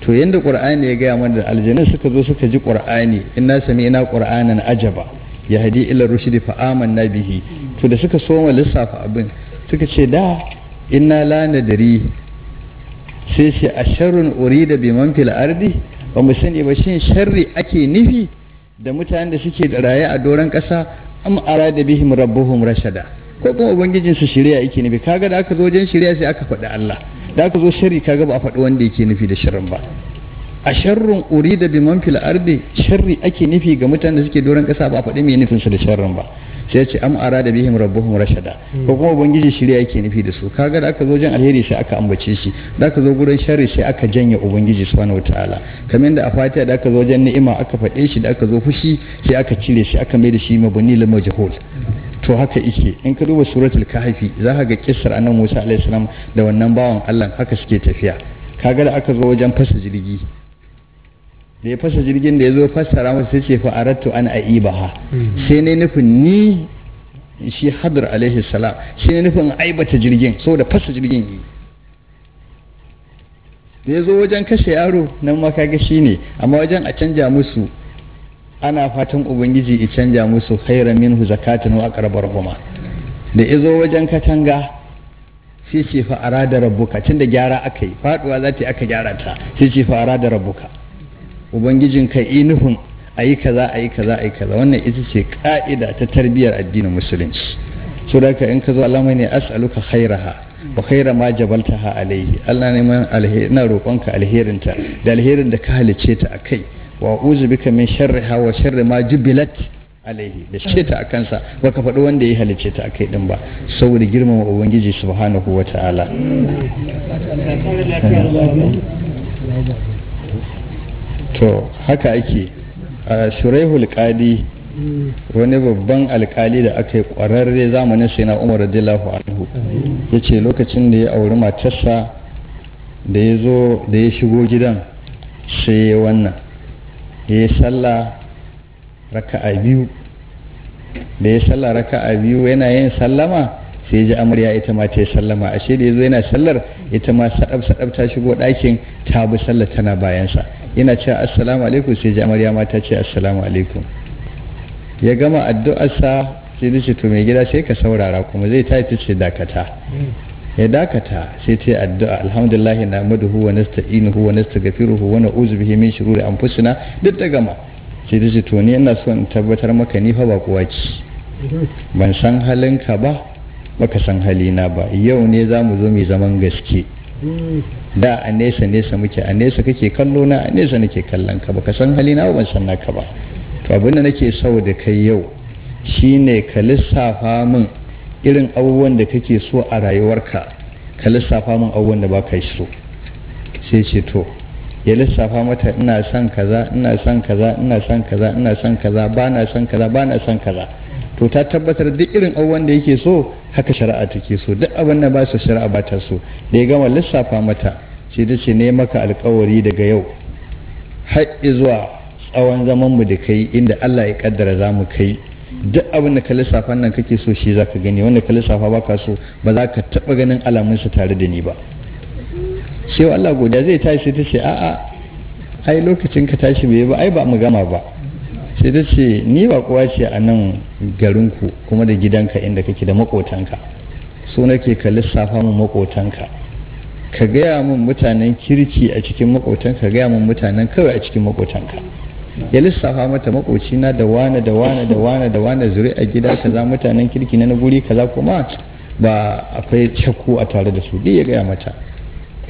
to yadda qur'ani ya gaya mana da aljanna suka zo suka ji qur'ani inna ina qur'anan ajaba yahdi ila rushdi fa amanna bihi to da suka soma lissafa abin suka ce da inna la nadri sai shi a urida bi man fil ardi ba mu sani ba shin sharri ake nufi da mutanen da suke da raye a doron kasa. am arada bihim rabbuhum rashada ko kuma ubangijin su shirya yake nufi kaga da aka zo wajen shirya sai aka faɗi Allah da aka zo shari kaga ba a faɗi wanda yake nufi da sharrin ba a sharrun urida bi fil ardi sharri ake nufi ga mutanen da suke doron kasa ba a faɗi me nufin su da sharrin ba sai ce am arada bihim rabbuhum rashada ko kuma ubangiji shirya yake nufi da su kaga da aka zo jan alheri sai aka ambace shi da aka zo gurin sharri sai aka janye ubangiji subhanahu wataala kamar da a fatiha da aka zo jan ni'ima aka faɗe shi da aka zo fushi sai aka cire shi aka mai da shi mabani la majhul to haka yake in ka duba suratul kahfi za ka ga kissar annabi Musa alaihi salam da wannan bawan Allah haka suke tafiya kaga da aka zo wajen fasa jirgi da ya fasa jirgin da ya zo fassara masa sai ce fa arattu an ha hmm. sai ne nufin ni shi hadar alaihi salam shi ne nufin aibata jirgin saboda fasa jirgin yi da ya zo wajen kashe yaro nan ma kaga shi ne amma wajen a canja musu ana fatan ubangiji a canja musu khaira minhu zakatun wa aqrabar huma da ya zo wajen katanga sai ce fa arada rabbuka tunda gyara aka yi faduwa za ta aka gyara ta sai ce fa arada rabbuka ubangijinka yi nufin a yi kaza a yi kaza a yi kaza wannan ita ce ka'ida ta tarbiyyar addinin musulunci so da in ka zo Allah ne as'aluka khairaha wa khaira ma jabaltaha alaihi Allah ne man alheri na roƙonka alherinta da alherin da ka halice ta akai wa uzu bika min sharriha wa sharri ma jubilat alaihi da shi ta akan ba baka faɗi wanda ya halice ta akai din ba saboda girmama ubangiji subhanahu wataala to haka ake a shuraihul qadi wani babban alkali da aka yi kwararre zamanin sai na umar radiyallahu anhu ya ce lokacin da ya auri matarsa da ya zo da ya shigo gidan sai ya wannan ya yi sallah raka'a biyu da ya sallah raka'a biyu yana yin sallama sai ji amarya ita ma ta yi sallama ashe da ya zo yana sallar ita ma sadab sadab ta shigo ɗakin ta bi sallar tana bayansa yana cewa assalamu alaikum sai ji amarya mata ta ce assalamu alaikum ya gama addu'arsa sai ta to mai gida sai ka saurara kuma zai ta ce dakata ya dakata sai ta yi addu'a alhamdulillah na maduhu wa nasta'inuhu wa huwa na uzu bihi min an fusina duk da gama sai ta ce to ni yana son tabbatar maka ni fa ba kuwa ci ban san halinka ba baka san halina ba yau ne za mu zo mai zaman gaske da a nesa nesa muke a nesa kake kallo na a nesa nake kallon ka baka san halina ban san naka ba to abin da nake sau da kai yau shine ka lissafa min irin abubuwan da kake so a rayuwarka ka lissafa min abubuwan da baka so sai ce to ya lissafa mata ina son kaza ina son kaza ina son kaza ina son kaza ba na son kaza ba na son kaza to ta tabbatar duk irin abubuwan da yake so haka shari'a take so duk abin da ba su shari'a ba ta so da ya gama lissafa mata sai ta ce ne maka alkawari daga yau har zuwa tsawon zaman mu da kai inda Allah ya kaddara za mu kai duk abin da ka lissafa nan kake so shi za ka gani wanda ka lissafa ba ka so ba za ka taba ganin alamun tare da ni ba sai Allah godiya zai tashi ta ce a'a ai lokacin ka tashi bai ba ai ba mu gama ba sai ta ce ni ba kowa ce a nan garinku kuma da gidanka inda kake da makotanka so nake ka lissafa min makotanka ka gaya min mutanen kirki a cikin makotanka ka gaya min mutanen kawai a cikin makotanka ya lissafa mata makocina da wane da wane da wane da wane zuri a gida kaza mutanen kirki na guri kaza kuma ba akwai cakku a tare da su ya gaya mata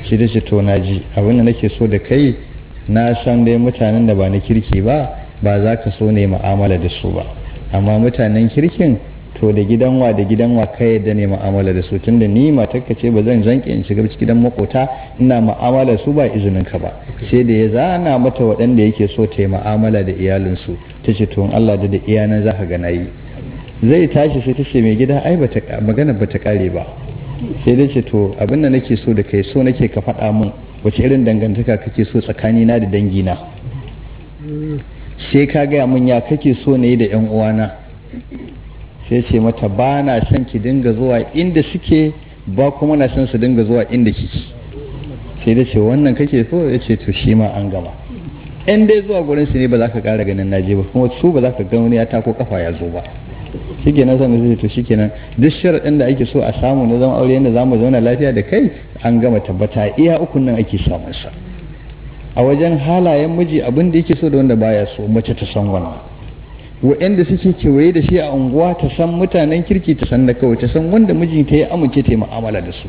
shi da shi to na ji abinda nake so da kai na san dai mutanen da ba na kirki ba ba za ka so ne ma'amala da su ba amma mutanen kirkin to da gidanwa da gidanwa ka yadda ne ma'amala da su tunda ni matarka ce ba zan zanke in shiga gidan makota ina ma'amala su ba izinin ka ba sai da ya zana mata waɗanda yake so ta yi ma'amala da iyalinsu ta ce to Allah da da iyanan za ka ga nayi zai tashi sai ta ce mai gida ai magana ba ta kare ba sai da ce to abin da nake so da kai so nake ka faɗa min wace irin dangantaka kake so tsakanina da dangina sai ka gaya mun ya kake so na yi da 'yan uwana sai ce mata ba na son ki dinga zuwa inda suke ba kuma na son su dinga zuwa inda kiki sai da ce wannan kake so ya ce to shi ma an gama in dai zuwa gurin su ne ba za ka kara ganin naje ba kuma su ba za ka ga wani ya tako kafa ya zo ba shikenan sannan sai to shikenan duk sharaɗin da ake so a samu na zama aure yadda za mu zauna lafiya da kai an gama tabbata iya ukun nan ake samun sa a wajen halayen miji abin da yake so da wanda baya so mace ta san wannan wa'anda suke kewaye da shi a unguwa ta san mutanen kirki ta san da kawai ta san wanda mijin ta ya amince ta yi mu'amala da su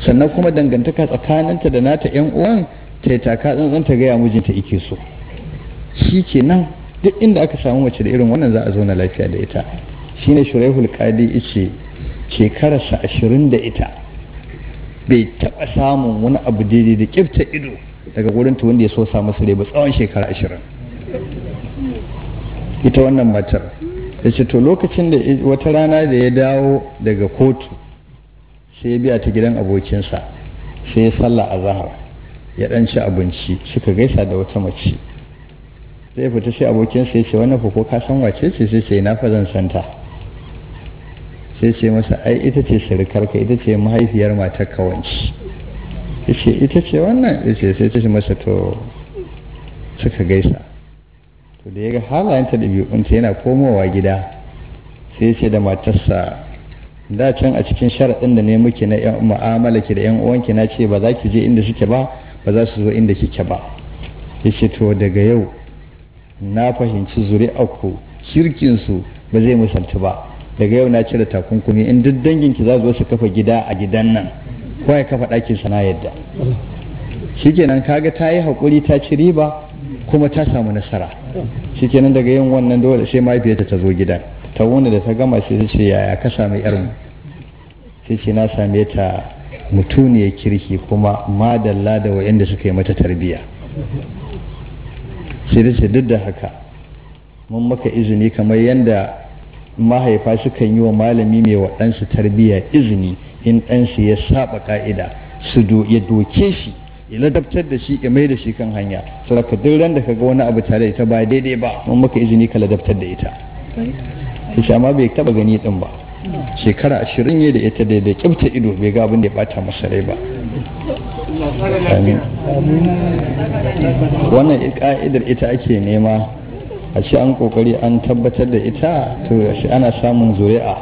sannan kuma dangantaka tsakaninta da nata yan uwan ta taka tsantsan ta gaya mijinta ike so shi kenan duk inda aka samu mace da irin wannan za a zauna lafiya da ita shine shuraihul qadi ice shekararsa ashirin da ita bai taɓa samun wani abu daidai da kifta ido daga wurin ta wanda ya so samu su ba tsawon shekara ashirin ita wannan matar ya ce to lokacin da wata rana da ya dawo daga kotu sai ya biya ta gidan abokinsa sai ya sallah a zahar ya dan ci abinci suka gaisa da wata mace sai fita sai abokinsa ya ce wannan ko ka san wace ce sai sai na fa zan santa sai ce masa ai ita ce sirikarka ita ce mahaifiyar matar kawanci ce ita ce wannan ce sai ta ce masa to suka gaisa to da ya ga halayenta da biyunta yana komowa gida sai ya ce da matarsa da can a cikin sharaɗin da ne muke na yan mu'amala ki da yan uwanke na ce ba za ki je inda suke ba ba za su zo inda kike ba ce to daga yau na fahimci zuri'arku kirkinsu ba zai musaltu ba daga yau na cire takunkumi in duk danginki za su zo su kafa gida a gidan nan ko ya kafa ɗakin sana yadda shikenan kaga ta yi haƙuri ta ci riba kuma ta samu nasara shikenan daga yin wannan dole sai mahaifiyarta ta zo gida ta wuni da ta gama sai ce yaya ka sami yarmu sai ce na same ta mutuniyar kirki kuma madalla da wa'inda suka yi mata tarbiyya sai ta ce duk da haka mun maka izini kamar yadda mahaifa sukan yi wa malami mai waɗansu tarbiyya izini in ɗansu ya saba ka'ida su ya doke shi ya ladabtar da shi ya mai da shi kan hanya saboda duk ran da kaga wani abu tare da ita ba daidai ba mun maka izini ka ladabtar da ita yace bai taba gani din ba shekara ashirin ne da ita daidai kyauta ido bai ga abin da ya bata masarai ba wannan ka'idar ita ake nema a ce an kokari an tabbatar da ita to ana samun zuri'a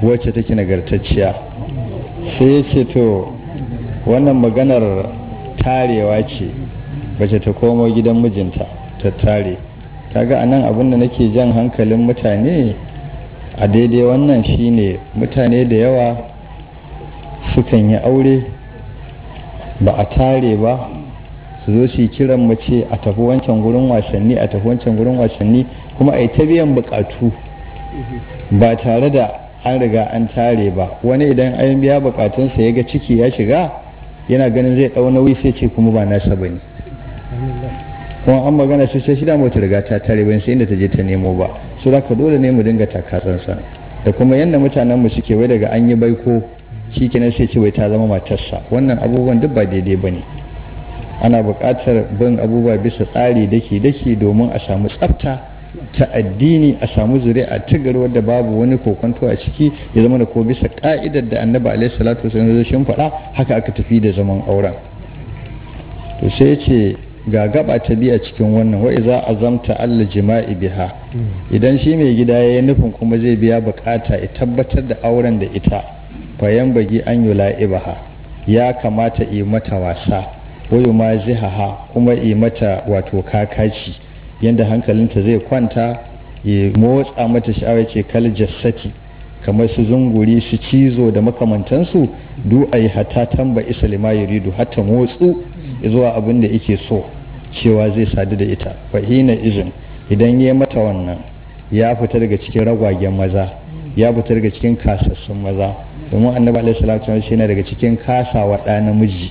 wacce take nagartacciya sai ya ce to wannan maganar tarewa ce bace ta komo gidan mijinta ta tare kaga anan abin da nake jan hankalin mutane a daidai wannan shine mutane da yawa sukan yi aure ba a tare ba su zo su kiran mace a tafi wancan gurin wasanni a tafi wancan gurin wasanni kuma a yi ta biyan bukatu ba tare da an riga an tare ba wani idan an biya bukatunsa ya ga ciki ya shiga yana ganin zai dau nauyi sai ce kuma ba nasa ba ne kuma an magana shi sai shida mota riga ta tare ba sai inda ta je ta nemo ba su da ka dole ne mu dinga sa da kuma yadda mutanen mu suke wai daga an yi baiko shi kenan sai ce wai ta zama matarsa wannan abubuwan duk ba daidai ba ne ana buƙatar bin abubuwa bisa tsari daki-daki domin a samu tsafta ta addini a samu zuri'a ta gari wadda babu wani kokonto a ciki ya zama da ko bisa ka'idar da annabi alaihi salatu wasallam na shin faɗa haka aka tafi da zaman auren to sai ya ce ga gaba ta biya cikin wannan wa iza azamta Allah jima'i biha idan shi mai gida ya yi nufin kuma zai biya bukata ya tabbatar da auren da ita fayan bagi an la'ibaha ya kamata yi mata wasa wayo ma zihaha kuma yi mata wato kakaci yadda hankalinta zai kwanta ya motsa mata sha'awar ce kal jassati kamar su zunguri su cizo da makamantansu du a yi hata ba isa lima yuridu hatta motsu zuwa abin da yake so cewa zai sadu da ita fahina izin idan ya mata wannan ya fita daga cikin ragwagen maza ya fita daga cikin kasassun maza domin annabi alaihi salatu wasallam shi daga cikin kasawa ɗa namiji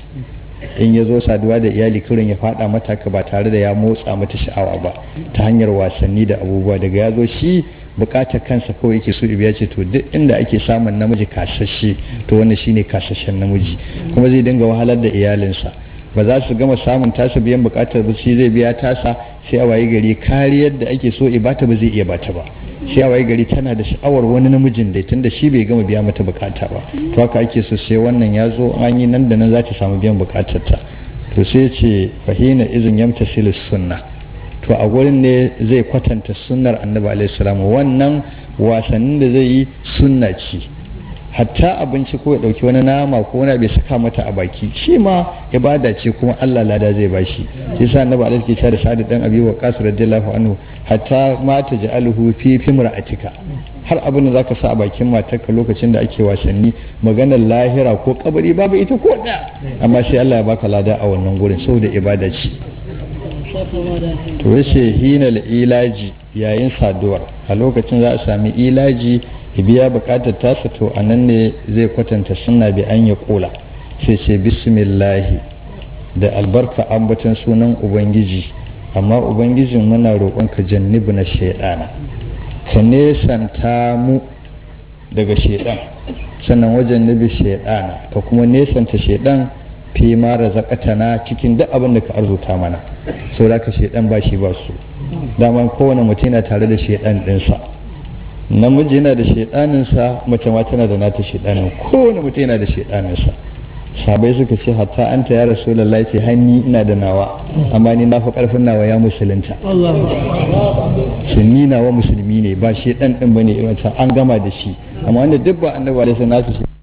in ya zo saduwa da iyali kurin ya fada mataka ba tare da ya motsa mata sha'awa ba ta hanyar wasanni da abubuwa daga ya zo shi bukatar kansa kawai yake so ibiya ce to duk inda ake samun namiji kasashe to wannan shine kasashen namiji kuma zai dinga wahalar da iyalinsa ba za su gama samun tasa biyan bukatar ba shi zai biya tasa sai a wayi gari kariyar da ake so ibata ba zai iya bata ba shi a waye gari tana da sha'awar wani namijin dai da shi bai gama biya mata bukata ba to haka ake so sai wannan ya zo an yi nan da nan za ta samu biyan bukatar ta to sai ce fahina izin yamta silis sunna to a gurin ne zai kwatanta sunnar annabi alaihi wannan wasannin da zai yi sunna ce hatta abinci ko ya ɗauki wani nama ko wani bai saka mata a baki shi ma ibada ce kuma Allah lada zai bashi shi yasa annabi alaihi ke tare sa'ad dan abi wa qasir radiyallahu anhu hatta ma taj'aluhu fi fimra'atika har abin da zaka sa a bakin matarka lokacin da ake wasanni maganar lahira ko kabari babu ita ko da amma sai Allah ya baka lada a wannan gurin saboda ibada ce to yace hinal ilaji yayin saduwar a lokacin za a sami ilaji ya biya bukatar tasa to a nan ne zai kwatanta sunna bi an ya kula sai ce bismillahi da albarka ambatan sunan ubangiji amma ubangijin muna roƙonka jannibu na shaidana ka nesanta mu daga shaidan sannan wajen nabi shaidana ka kuma nesanta shaidan fi ma razaqatana cikin duk abin da ka arzuta mana saboda ka shaidan ba shi ba su dama kowane mutum yana tare da shaidan ɗinsa namiji yana da shaidaninsa mace ma tana da nata shaidanin kowane mutum yana da shaidaninsa sabai suka ce hatta an ta ya rasulallah ce hanni ina da nawa amma ni na fi karfin nawa ya musulunta ni nawa musulmi ne ba shaidan din bane an gama da shi amma wanda duk ba annabi nasu salatu